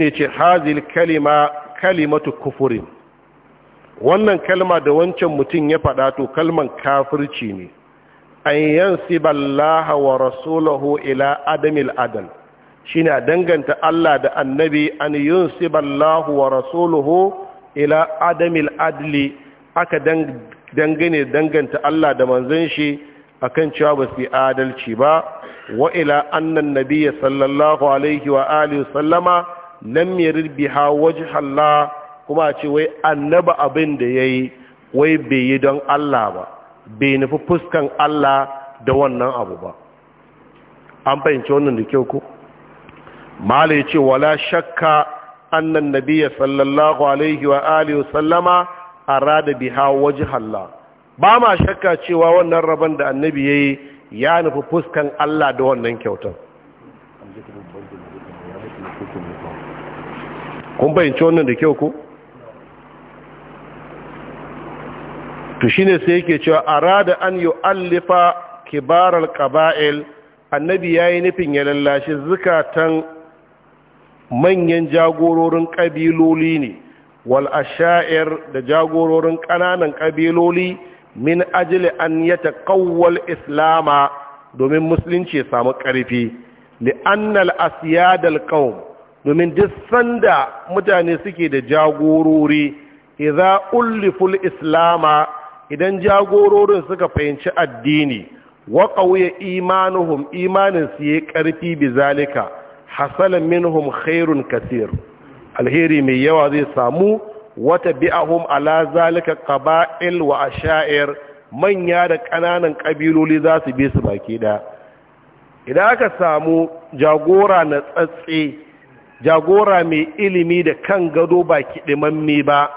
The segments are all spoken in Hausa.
ne ce hazil kalima kalimatu kufurin wannan kalma da wancan mutum ya faɗa to kalman kafirci ne an yansi ballaha wa rasulahu ila adamil adal shi a danganta Allah da annabi an yansi ballahu wa rasuluhu ila adamil adli aka dangane danganta Allah da manzan shi a kan cewa ba su adalci ba wa ila annan nabi sallallahu alaihi wa alihi sallama lam yarid biha wajhallah kuma a ce wai annaba abin da yayi wai bai yi don Allah ba bai nufi fuskan Allah da wannan abu ba an fahimci wannan da kyau ko malai ce wala shakka annan nabiyya sallallahu alaihi wa alihi sallama arada biha wajhallah ba ma shakka cewa wannan rabon da annabi yayi ya nufi fuskan Allah da wannan kyautar kun bayanci wannan da kyau ko to shi ne sai yake cewa arada an yu'allifa kibar kibarar qabail annabi yi nufin ya lallashi zukatan manyan jagororin ƙabiloli ne wal asha'ir da jagororin ƙananan ƙabiloli min ajili an yataqawwal islama domin musulunci ya samu ƙarfi? li annal al-asyad domin duk sanda mutane suke da jagorori idza ulliful islama idan jagororin suka fahimci addini wa qawiya imanuhum imanin su yayi karfi bizalika hasala minhum khairun kaseer alheri mai yawa zai samu wata bi'ahum ala zalika qaba'il wa asha'ir manya da ƙananan ƙabiloli za su bi su baki ɗaya idan aka samu jagora na tsatse jagora mai ilimi da kan gado ba kiɗimamme ba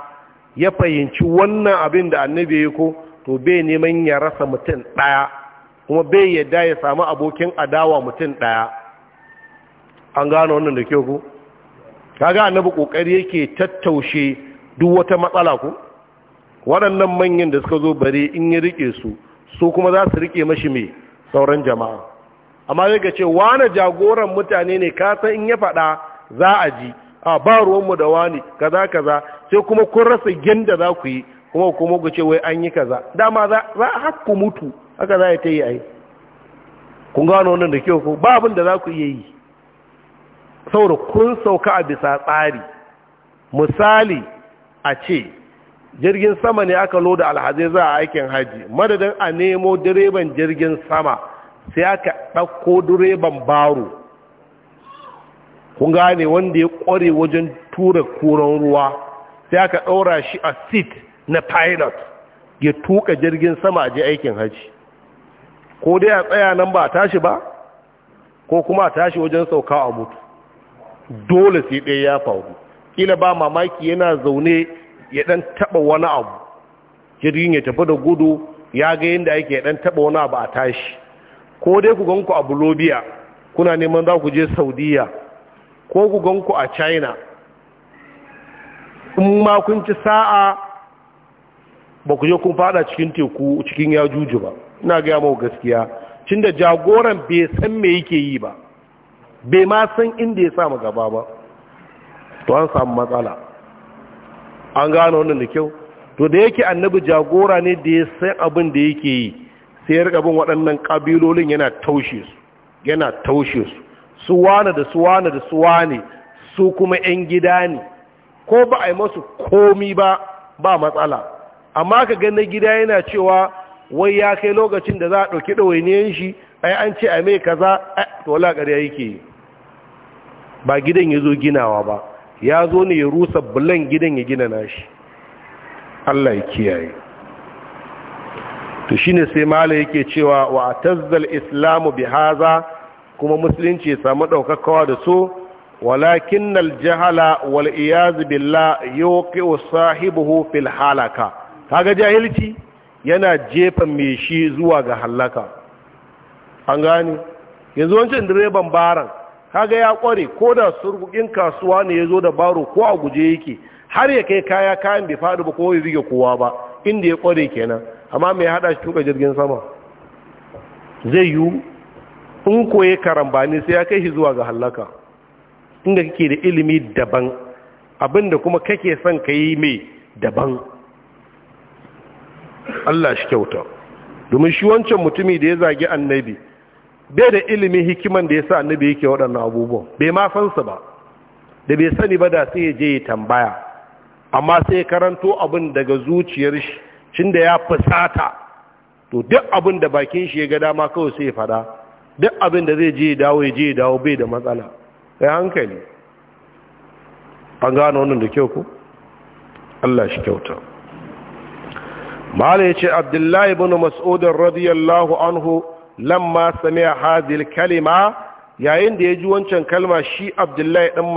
ya fahimci wannan abin da annabi ya ko to bai neman ya rasa mutum ɗaya kuma bai yadda ya samu abokin adawa mutum ɗaya an gano wannan da kyau ku kaga annabi kokari yake tattaushe duk wata matsala ku waɗannan manyan da suka zo bare in ya riƙe su su kuma za su rike mashi mai sauran jama'a amma zai ga ce wane jagoran mutane ne kasan in ya faɗa za a ji a ba ruwanmu da wani kaza kaza sai kuma kun rasa yanda za ku yi kuma kuma ku ce wai an yi kaza dama za a haku mutu haka za a ta yi a yi kun gano wannan da kyau ko ba abin da za ku iya yi saboda kun sauka a bisa tsari misali a ce jirgin sama ne aka loda alhazi za a aikin haji madadin a nemo direban jirgin sama sai aka ɗauko direban baro kun gane wanda ya kware wajen tura kuran ruwa sai aka ɗaura shi a seat na pilot ya tuka jirgin sama a ji aikin hajji ko dai a tsaya nan ba a tashi ba ko kuma a tashi wajen sauka a mutu dole sai ɗaya ya faru kila ba mamaki yana zaune ya ɗan taɓa wani abu jirgin ya tafi da gudu ya ga yadda ake ya ɗan taɓa wani abu a tashi ko dai ku ganku a bulobiya kuna neman za ku je saudiya ko gugonku a china in ma kun ci sa'a ba ku je kun fada cikin teku cikin ya juju ba ina gaya mau gaskiya cin da jagoran bai san me yake yi ba bai ma san inda ya samu gaba ba to an samu matsala an gano wannan da kyau to da yake annabi jagora ne da ya san abin da yake yi sai ya rika bin waɗannan ƙabilolin yana taushe su yana taushe su su wane da su wane da su wane su kuma 'yan gida ne ko ba a yi masu komi ba ba matsala amma ka ga na gida yana cewa wai ya kai lokacin da za a ɗauki ɗawainiyan shi ai an ce a mai kaza to wala ƙarya yake ba gidan ya zo ginawa ba ya zo ne ya rusa bulan gidan ya gina nashi Allah ya kiyaye to shine sai mala yake cewa wa tazzal islamu bi haza kuma musulunci ya samu ɗaukakawa da su walakin aljahala wal iyazu billah yuqiu sahibuhu fil halaka kaga jahilci yana jefa mai shi zuwa ga halaka an gane yanzu wancan direban baran kaga ya kware ko da surgukin kasuwa ne yazo da baro ko a guje yake har ya kai kaya kayan bai faɗi ba ko ya zige kowa ba inda ya kware kenan amma mai haɗa shi tuka jirgin sama zai yiwu in koye karambani sai ya kai shi zuwa ga hallaka inda kake da ilimi daban abinda kuma kake son ka yi mai daban Allah shi kyauta domin shi wancan mutumi da ya zagi annabi bai da ilimin hikiman da ya sa annabi yake waɗannan abubuwan bai ma fansa ba da bai sani ba da sai ya je ya tambaya amma sai karanto abin daga zuciyar shi cin ya fusata to duk abin da bakin shi ya ga dama kawai sai ya fada duk abin da zai je dawo ya je dawo bai da matsala sai hankali an gano wannan da kyau ku? Allah shi kyauta mala yace Abdullahi ibn Mas'ud radiyallahu anhu lamma sami'a hadhihi kalima yayin da ya ji wancan kalma shi Abdullahi dan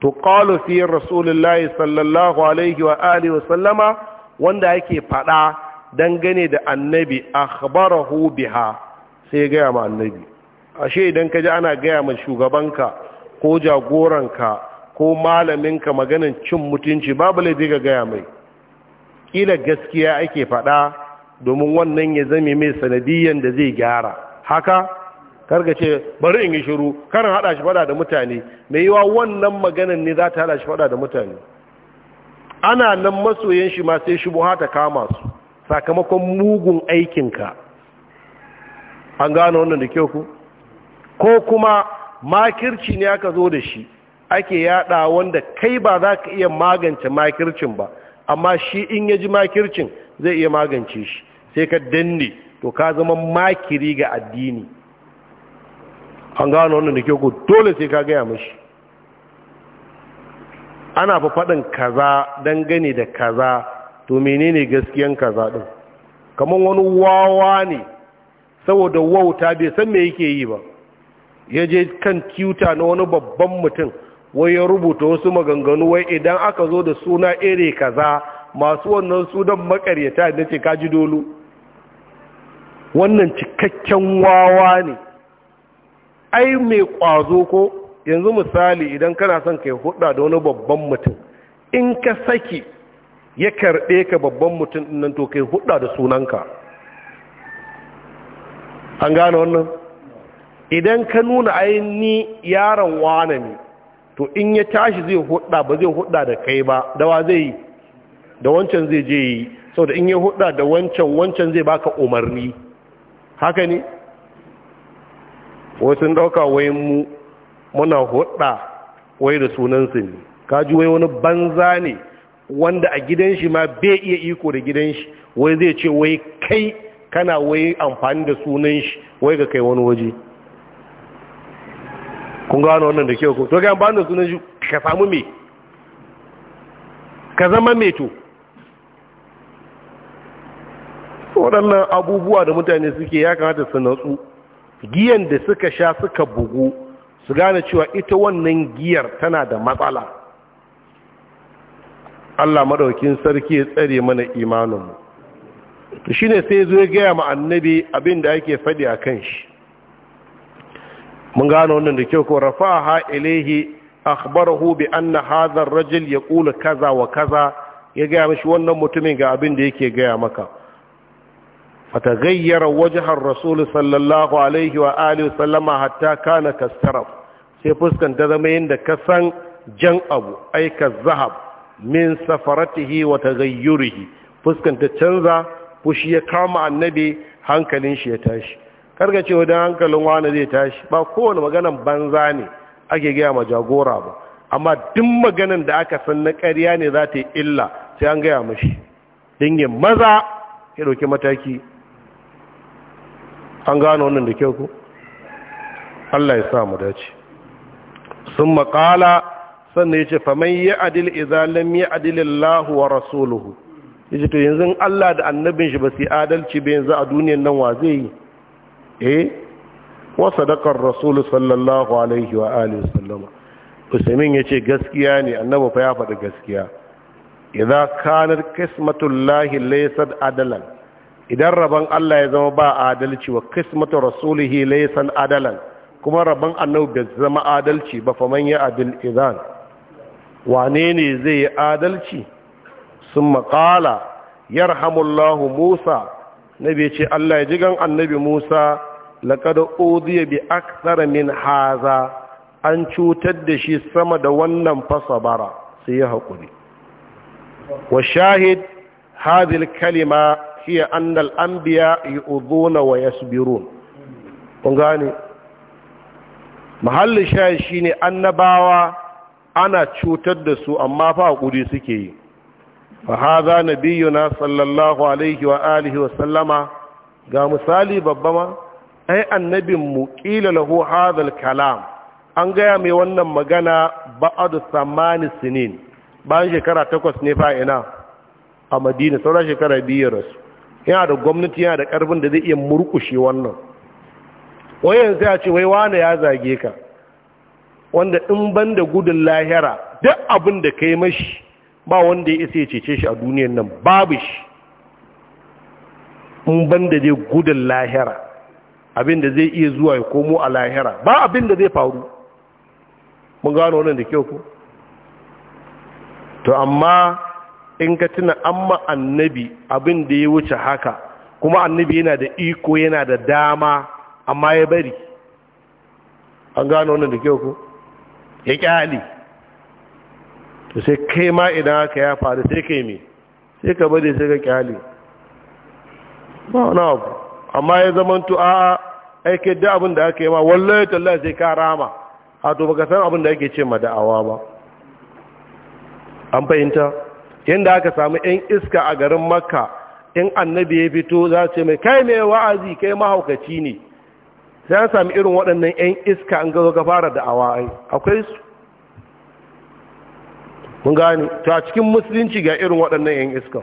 to qalu fi Rasulillahi sallallahu alaihi wa alihi wa sallama wanda yake fada dangane da annabi akhbarahu biha sai ya gaya ma annabi ashe idan ka ji ana gaya ma shugabanka ko jagoranka ko malaminka maganin cin mutunci babu laifi ga gaya mai kila gaskiya ake faɗa domin wannan ya zame mai sanadiyan da zai gyara haka karga ce bari in yi shiru karin hada shi fada da mutane mai yawa wannan maganin ne za ta hada shi fada da mutane ana nan masoyan shi ma sai shubuha ta kama su sakamakon mugun aikinka an gano wannan da kyau ku ko kuma makirci ne aka zo da shi ake yada wanda kai ba za ka iya magance makircin ba amma shi in ya ji makircin zai iya magance shi sai ka danne to ka zama makiri ga addini an gano wannan da kyau ku dole sai ka gaya mashi ana fa faɗin kaza dangane da kaza to menene gaskiyan kaza ɗin kamar wani wawa ne saboda wauta bai san me yake yi ba ya je kan tuta na wani babban mutum wai ya rubuta wasu maganganu wai idan aka zo da suna ere kaza masu wannan sunan makaryata na ce kaji dolu wannan cikakken wawa ne ai mai kwazo ko yanzu misali idan kana son kai hudda da wani babban mutum in ka saki ya karɓe ka babban mutum nan to kai hudda da sunanka an gane wannan idan ka nuna ainihin yaron wane ne to in ya tashi zai hudda ba zai hudda da kai ba wa zai yi da wancan zai je yi sau da in ya hudda da wancan wancan zai baka umarni haka ne wasu ɗauka wai mu muna hudda wai da sunansu ne kaji wai wani banza ne wanda a gidanshi ma bai iya iko da gidanshi? wai zai ce wai kai kana wai amfani da sunan shi wai ga kai wani waje kun gano wannan da kyau to ga amfani da sunan shi ka samu me ka zama me to waɗannan abubuwa da mutane suke ya kamata su natsu giyan da suka sha suka bugu su gane cewa ita wannan giyar tana da matsala Allah madaukin sarki ya tsare mana imaninmu to ne sai zo gaya ma annabi abin da yake faɗi a kan shi mun gano wannan da kyau ko rafa rafaha ilaihi akhbarahu bi anna hadha ar-rajul yaqulu kaza wa kaza ya gaya mashi wannan mutumin ga abin da yake gaya maka fataghayyara wajha ar-rasul sallallahu alaihi wa alihi sallama hatta kana kastaraf sai fuskan ta zama yadda ka san jan abu aika zahab min safaratihi wa taghayyurihi fuskan ta canza fushi ya kama annabi hankalin shi ya tashi karga cewa dan hankalin wani zai tashi ba kowane maganan banza ne ake gaya ma jagora ba amma duk maganan da aka san na ƙarya ne za ta yi illa sai an gaya mashi dingin maza ya ɗauki mataki an gano wannan da kyau ku Allah ya sa mu dace sun maƙala sannan ya ce faman yi adil ya yi adilillahu wa rasuluhu yace to yanzu Allah da annabin shi ba su adalci ba yanzu a duniyar nan wa zai eh wa sadaqar rasul sallallahu alaihi wa alihi sallama usaimin yace gaskiya ne annabi fa ya faɗi gaskiya idza kanat kismatullahi laysat adalan idan rabon Allah ya zama ba adalci wa qismatu rasulihi laysan adalan kuma rabon annabi bai zama adalci ba faman ya adil idan wane ne zai yi adalci sun maƙala yarhamullahu musa nabi ce allah ya ji gan annabi musa laƙada ya bi aksara min haza an cutar da shi sama da wannan fasabara sai ya haƙuri wa shahid hadhihi kalima hiya an al-anbiya yu'dhuna wa yasbirun kun gane mahallin shahid shine annabawa ana cutar da su amma fa haƙuri suke yi fa haza na, sallallahu alaihi wa wa ga misali babba ma ai annabin mu kila lahu hadal kalam an gaya mai wannan magana ba'adu samani sinin bayan shekara takwas ne fa ina a madina sauran shekara biyu rasu yana da gwamnati yana da karfin da zai iya murkushe wannan wayan sai a ce wai wane ya zage ka wanda in ban da gudun lahira duk abin da kai mashi ba wanda ya isa ya cece shi a duniyar nan babu shi in banda zai gudun lahira abinda zai iya zuwa ya komo a lahira ba abinda zai faru mun gano wannan da kyau ko to amma in ka tuna amma annabi abinda ya wuce haka kuma annabi yana da iko yana da dama amma ya bari an gano wannan da kyau ko ya kyale to sai kai ma idan haka ya faru sai kai me sai ka bade sai ka kyale ba wani abu amma ya tu a aike da abin da aka yi ma wallahi tallahi sai ka rama a to baka san abin da ake ce ma da'awa ba an fahimta yadda aka samu 'yan iska a garin makka in annabi ya fito za ce mai kai mai wa'azi kai mahaukaci ne sai an sami irin waɗannan 'yan iska an gazo ka fara da'awa ai akwai su mun gane to cikin musulunci ga irin waɗannan yan iska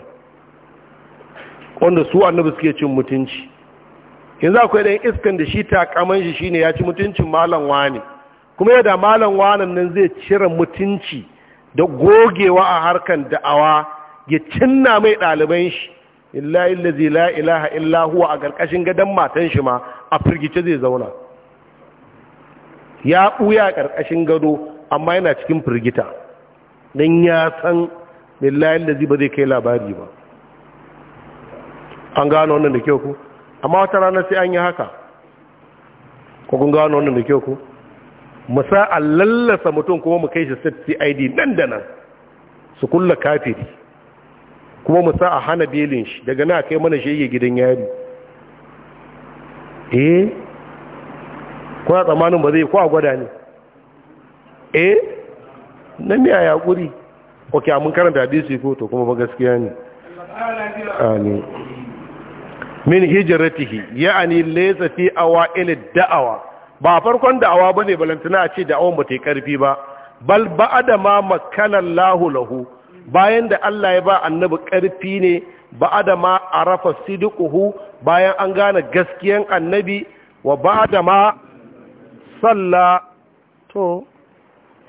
wanda su annabi suke cin mutunci In za ku yi ɗan iskan da shi takaman shi shine ya ci mutuncin malam wani kuma yadda malam wani nan zai cire mutunci da gogewa a harkan da'awa ya cinna mai ɗaliban shi illa illa la ilaha illa huwa a ƙarƙashin gadon matan shi ma a firgice zai zauna ya ɓuya a ƙarƙashin gado amma yana cikin firgita don ya san lillahi da ba zai kai labari ba an gano wannan da kyau ku amma wata rana sai an yi haka ko kun gano wannan da kyau ku musa a mutum kuma mu kai shi cid nan da nan su kulla kafiri kuma musa a hana belin shi daga na kai mana shi gidan yari eh kuna tsamanin ba zai kwa gwada ne eh na miya ya ƙuri ok mun karanta hadisi ko to kuma ba gaskiya ne amin min hijratihi ya'ani laysa fi awa'il da'awa ba farkon da'awa bane balantana a ce da'awan ba ta yi karfi ba bal ba'da ma makanan lahu lahu bayan da Allah ya ba annabi karfi ne ba'da ma arafa sidquhu bayan an gane gaskiyan annabi wa ba'da ma salla to